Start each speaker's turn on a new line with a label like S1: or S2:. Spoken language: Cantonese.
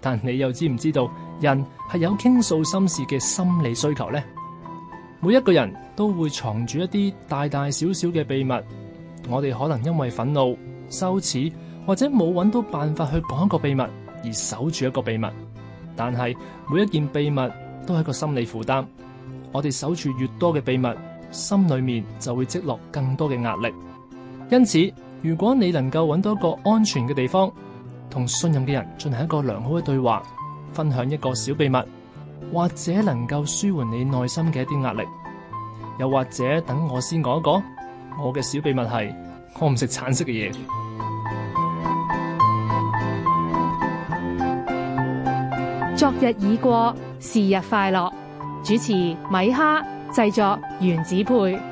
S1: 但你又知唔知道，人係有傾訴心事嘅心理需求咧？每一個人都會藏住一啲大大小小嘅秘密，我哋可能因為憤怒、羞恥或者冇揾到辦法去講一個秘密而守住一個秘密。但係每一件秘密都係一個心理負擔，我哋守住越多嘅秘密，心裏面就會積落更多嘅壓力。因此，如果你能夠揾到一個安全嘅地方，同信任嘅人進行一個良好嘅對話，分享一個小秘密，或者能夠舒緩你內心嘅一啲壓力，又或者等我先講一講，我嘅小秘密係我唔食橙色嘅嘢。
S2: 昨日已過，是日快樂。主持米哈，製作原子配。